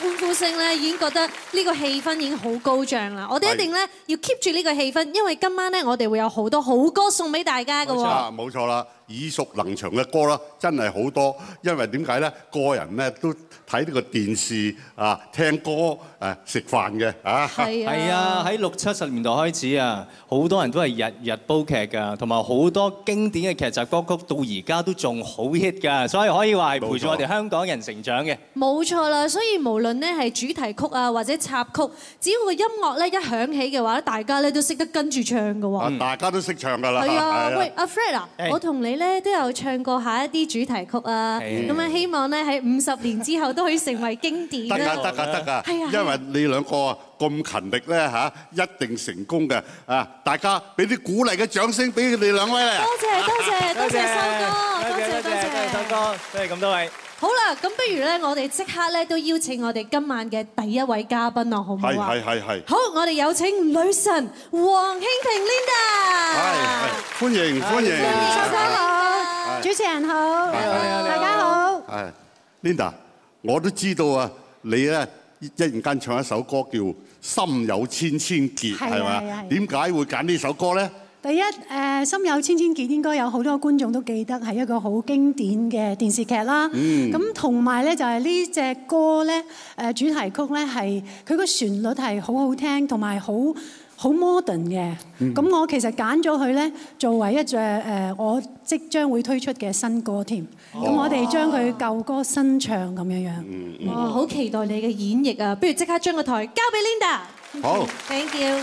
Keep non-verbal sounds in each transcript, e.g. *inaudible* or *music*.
歡呼聲，已經覺得呢個氣氛已經好高漲喇，我哋一定呢是要 keep 住呢個氣氛，因為今晚呢我哋會有好多好歌送畀大家嘅喎、哦。啊，冇錯啦，耳熟能詳嘅歌啦，真係好多。因為點解呢？個人呢都。睇呢個電視啊，聽歌誒，食飯嘅啊，係啊，係啊，喺六七十年代開始啊，好多人都係日日煲劇㗎，同埋好多經典嘅劇集歌曲到而家都仲好 hit 㗎，所以可以話係陪住我哋香港人成長嘅。冇錯啦，所以無論咧係主題曲啊或者插曲，只要個音樂咧一響起嘅話咧，大家咧都識得跟住唱㗎喎。大家都識唱㗎啦。係啊，喂，阿 Fred 啊，我同你咧都有唱過下一啲主題曲啊，咁啊希望咧喺五十年之後。都可以成為經典啦！得啊，得啊，得啊！因為你兩個咁勤力咧嚇，一定成功嘅啊！大家俾啲鼓勵嘅掌聲俾你兩位啦！多謝多謝多謝修哥，多謝多謝修哥，多謝咁多位。好啦，咁不如咧，我哋即刻咧都邀請我哋今晚嘅第一位嘉賓咯，好唔好啊？係係係係。好，我哋有請女神王馨平 Linda。係係，歡迎歡迎。修哥好，主持人好，大家好。係，Linda。我都知道啊，你咧一突然間唱一首歌叫《心有千千結》，係嘛吧？點解會揀呢首歌咧？第一，誒《心有千千結》應該有好多觀眾都記得，係一個好經典嘅電視劇啦。嗯。咁同埋咧，就係呢隻歌咧，誒主題曲咧，係佢個旋律係好好聽，同埋好好 modern 嘅。咁、嗯、我其實揀咗佢咧，作為一隻誒我即將會推出嘅新歌添。咁我哋將佢舊歌新唱咁樣樣，哇！好期待你嘅演繹啊！不如即刻將個台交俾 Linda。好，thank you。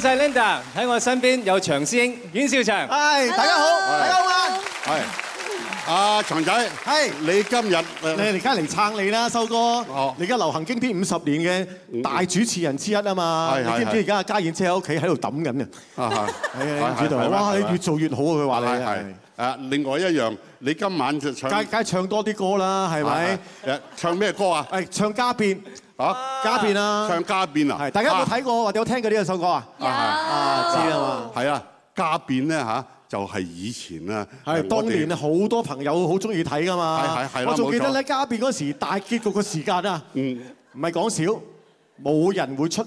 多謝 Linda，喺我身邊有長師兄、阮兆祥。係，大家好，大家好啊。係，阿長仔。係。你今日你而家嚟撐你啦，修哥。哦。你而家流行經典五十年嘅大主持人之一啊嘛。係係係。你知唔知而家家燕姐喺屋企喺度揼緊嘅？啊啊！你唔知道。哇，越做越好，佢話你。係係。誒，另外一樣，你今晚就唱。加加唱多啲歌啦，係咪？誒，唱咩歌啊？誒，唱家變。吓，家變啊，家變？唱家變啊！係，大家有冇睇過或者、啊、有聽過呢個首歌啊？啊有 啊，知啊嘛！係啊，家變咧吓，就係以前啊，係當年好多朋友好中意睇㗎嘛。係係係，我仲記得咧，家變嗰時大結局嘅時間啊，唔係講笑，冇人會出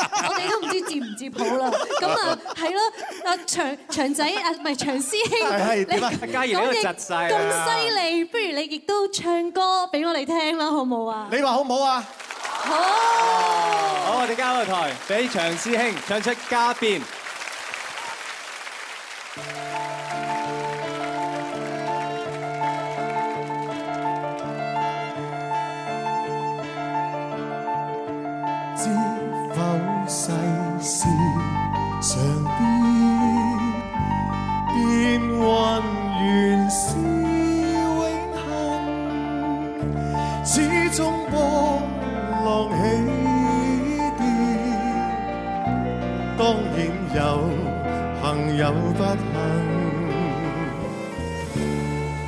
接 *laughs* 啦，咁啊，係咯，阿長長仔啊，唔係長師兄，你嘉怡都窒曬咁犀利，不如你亦都唱歌俾我哋聽啦，好唔好啊？你話好唔好啊？好，好，我哋交個台俾長師兄唱出家變。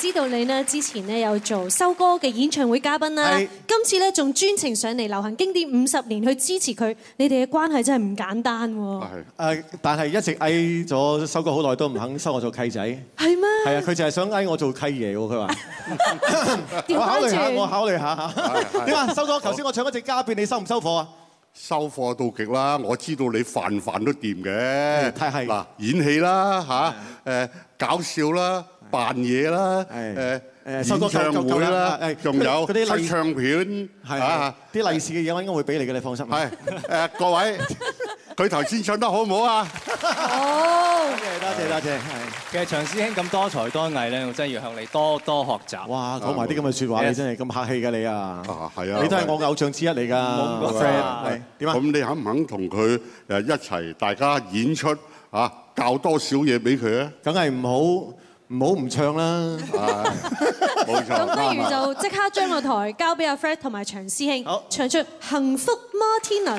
知道你咧之前咧有做修哥嘅演唱會嘉賓啦，是的 今次咧仲專程上嚟流行經典五十年去支持佢，你哋嘅關係真係唔簡單。係，但係一直嗌咗修哥好耐都唔肯收我做契仔。是嗎 是，係咩？係啊，佢就係想嗌我做契爺喎，佢話。我考慮下，我考慮下嚇。點啊？修哥，頭先我唱一隻嘉賓，你收唔收貨啊？收貨到極啦！我知道你飯飯都掂嘅，嗱演戲啦嚇，誒搞笑啦，扮嘢啦，誒誒係係演唱會啦，誒仲有啲唱，唱片啲利是嘅嘢我應該會俾你嘅，你放心。係，誒各位。佢頭先唱得好唔好啊？好，多謝多謝多謝。其實長師兄咁多才多藝咧，我真係要向你多多學習。哇，講埋啲咁嘅説話，對 你真係咁客氣嘅你啊對！啊，係啊！你都係我偶像之一嚟㗎。我唔得 friend，點啊？咁你肯唔肯同佢誒一齊大家演出嚇，教多少嘢俾佢咧？梗係唔好唔好唔唱啦。冇錯。咁不如就即刻將個台交俾阿 Fred 同埋長師兄，好 唱出幸福摩天輪。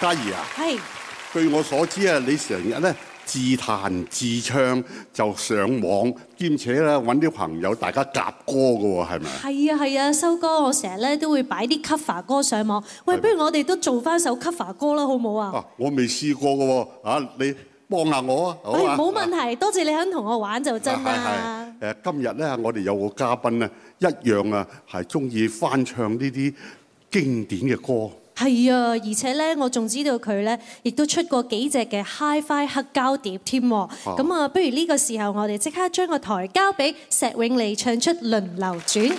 嘉怡啊，係，據是我所知啊，你成日咧自彈自唱，就上網，兼且咧揾啲朋友大家夾歌噶喎，係咪？係啊係啊，收歌我成日咧都會擺啲 cover 歌上網。喂嗎，不如我哋都做翻首 cover 歌啦，好唔好啊？我未試過嘅喎，啊，你幫下我啊，冇問題，多謝你肯同我玩就真啦。係係。誒，今日咧我哋有個嘉賓啊，一樣啊係中意翻唱呢啲經典嘅歌。係啊，而且呢，我仲知道佢呢亦都出過幾隻嘅 HiFi 黑膠碟添。咁啊，不如呢個時候我哋即刻將個台交俾石詠莉唱出輪流轉。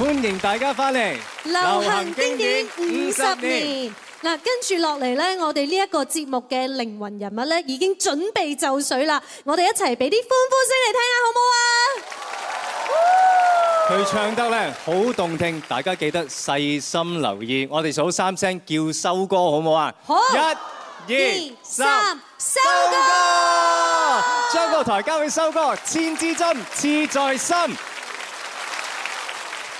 歡迎大家翻嚟，流行經典五十年。嗱，跟住落嚟咧，我哋呢一個節目嘅靈魂人物咧已經準備就緒啦。我哋一齊俾啲歡呼聲嚟聽下，好唔好啊？佢唱得咧好動聽，大家記得細心留意。我哋數三聲叫修哥，好唔好啊？好。一、二、三，修哥。將個台交俾修哥，千支針刺在心。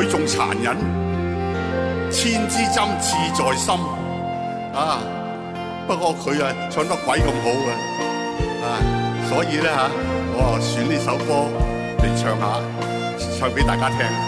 佢仲殘忍，千枝針刺在心啊！不過佢啊唱得鬼咁好啊！啊，所以咧吓，我啊選呢首歌嚟唱下，唱俾大家聽。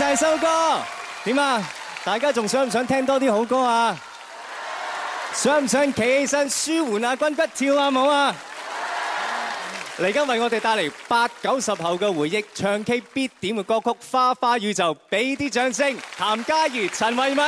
曬首歌點啊？大家仲想唔想聽多啲好歌啊？想唔想企起身舒緩下筋骨、跳下舞啊？冇啊？嚟緊為我哋帶嚟八九十後嘅回憶，唱 K 必點嘅歌曲《花花宇宙》，俾啲掌聲！譚嘉儀、陳慧敏。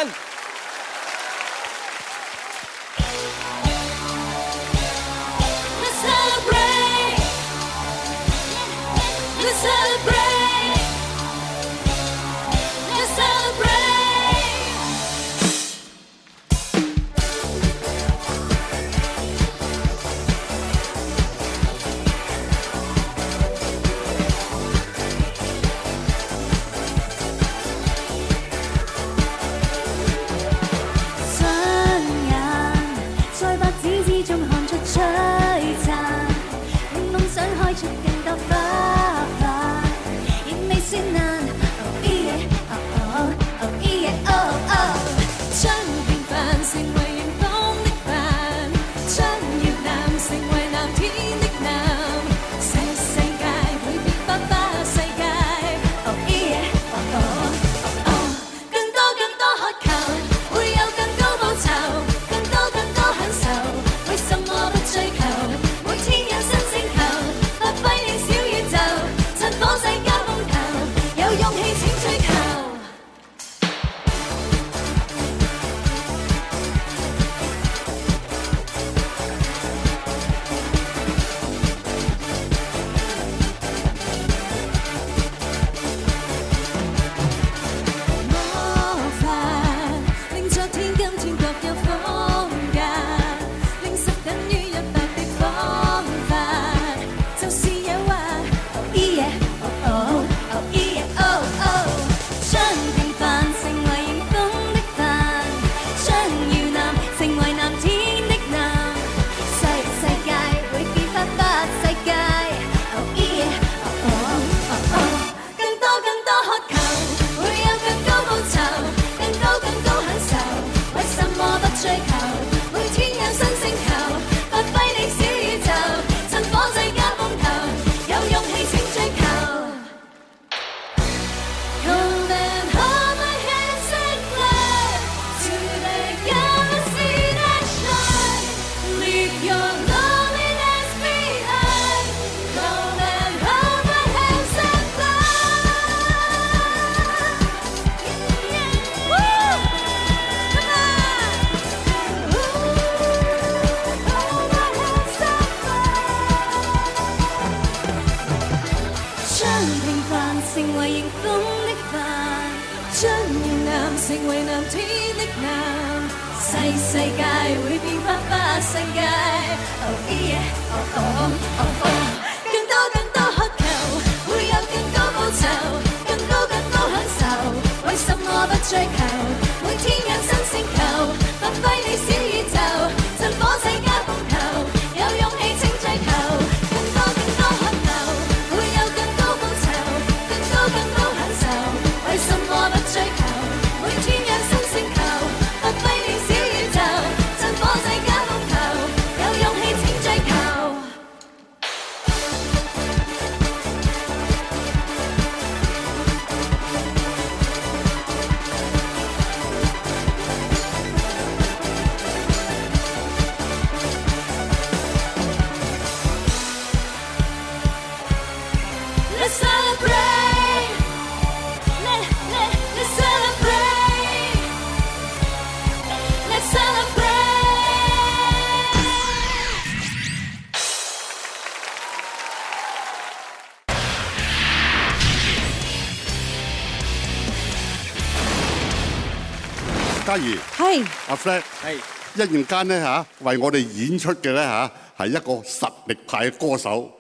係阿 Flex，係一陣間咧吓，為我哋演出嘅咧吓，係一個實力派嘅歌手，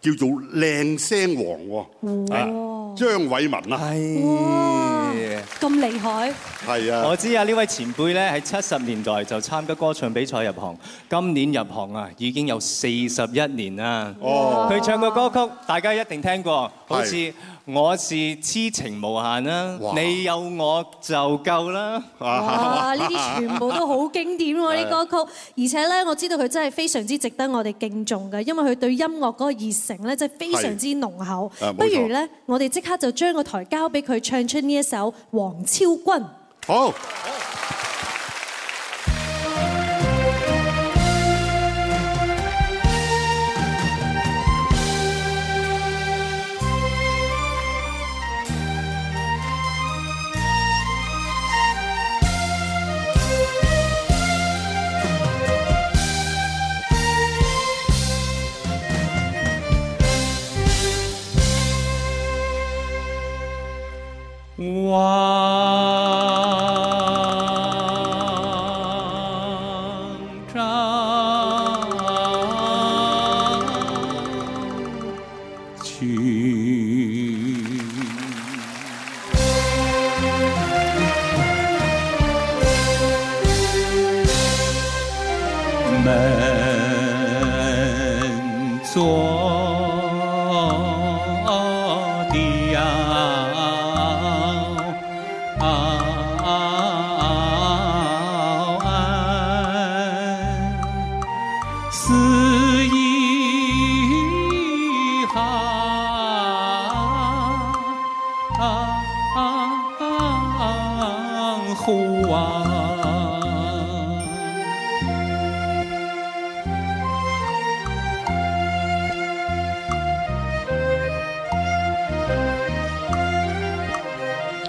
叫做靚聲王，啊，哇張偉文啊，咁哇是厲害，係啊，我知啊，呢位前輩咧喺七十年代就參加歌唱比賽入行，今年入行啊已經有四十一年啦，哦哇，佢唱嘅歌曲大家一定聽過，好似。我是痴情無限啦，哇哇你有我就夠啦。呢啲全部都好經典喎，啊，呢歌曲，而且呢，我知道佢真係非常之值得我哋敬重嘅，因為佢對音樂嗰個熱誠呢真係非常之濃厚。不如呢，我哋即刻就將個台交俾佢唱出呢一首《王昭君》。好。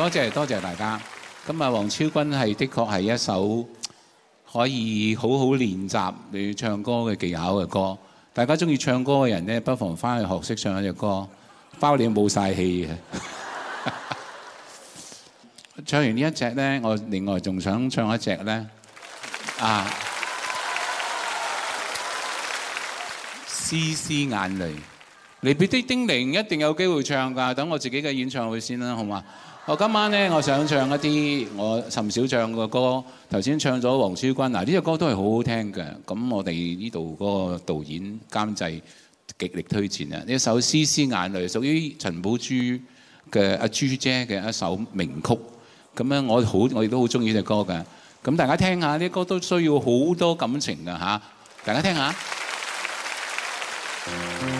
多謝多謝大家。咁啊，黃超君係的確係一首可以好好練習你唱歌嘅技巧嘅歌。大家中意唱歌嘅人呢，不妨翻去學識唱一隻歌。包你冇晒氣嘅。 *laughs* 唱完呢一隻呢，我另外仲想唱一隻呢。啊，絲絲 *laughs* 眼淚，離別啲叮嚀，一定有機會唱㗎。等我自己嘅演唱會先啦，好嘛？我今晚咧，我想唱一啲我甚少唱嘅歌，剛才唱。頭先唱咗《王昭君》，嗱，呢隻歌都係好好聽嘅。咁我哋呢度嗰個導演監製極力推薦啊！呢一首《絲絲眼淚》屬於陳寶珠嘅阿朱姐嘅一首名曲。咁咧，我好我亦都好中意呢隻歌嘅。咁大家聽下，呢歌都需要好多感情嘅吓，大家聽下。嗯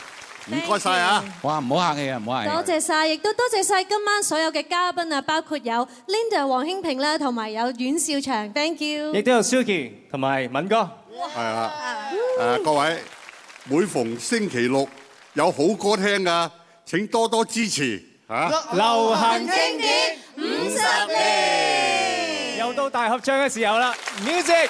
唔該曬啊！哇，唔好客氣啊，唔好客氣。多謝曬，亦都多謝曬今晚所有嘅嘉賓啊，包括有 Linda、王馨平啦，同埋有阮兆祥，Thank you。亦都有 Suki 同埋敏哥。係啊，誒各位，每逢星期六有好歌聽噶，請多多支持嚇。流行經典五十年，又到大合唱嘅時候啦！Music。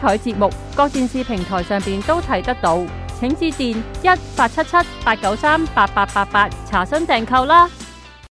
彩節目，各電視平台上邊都睇得到，請致電一八七七八九三八八八八查詢訂購啦。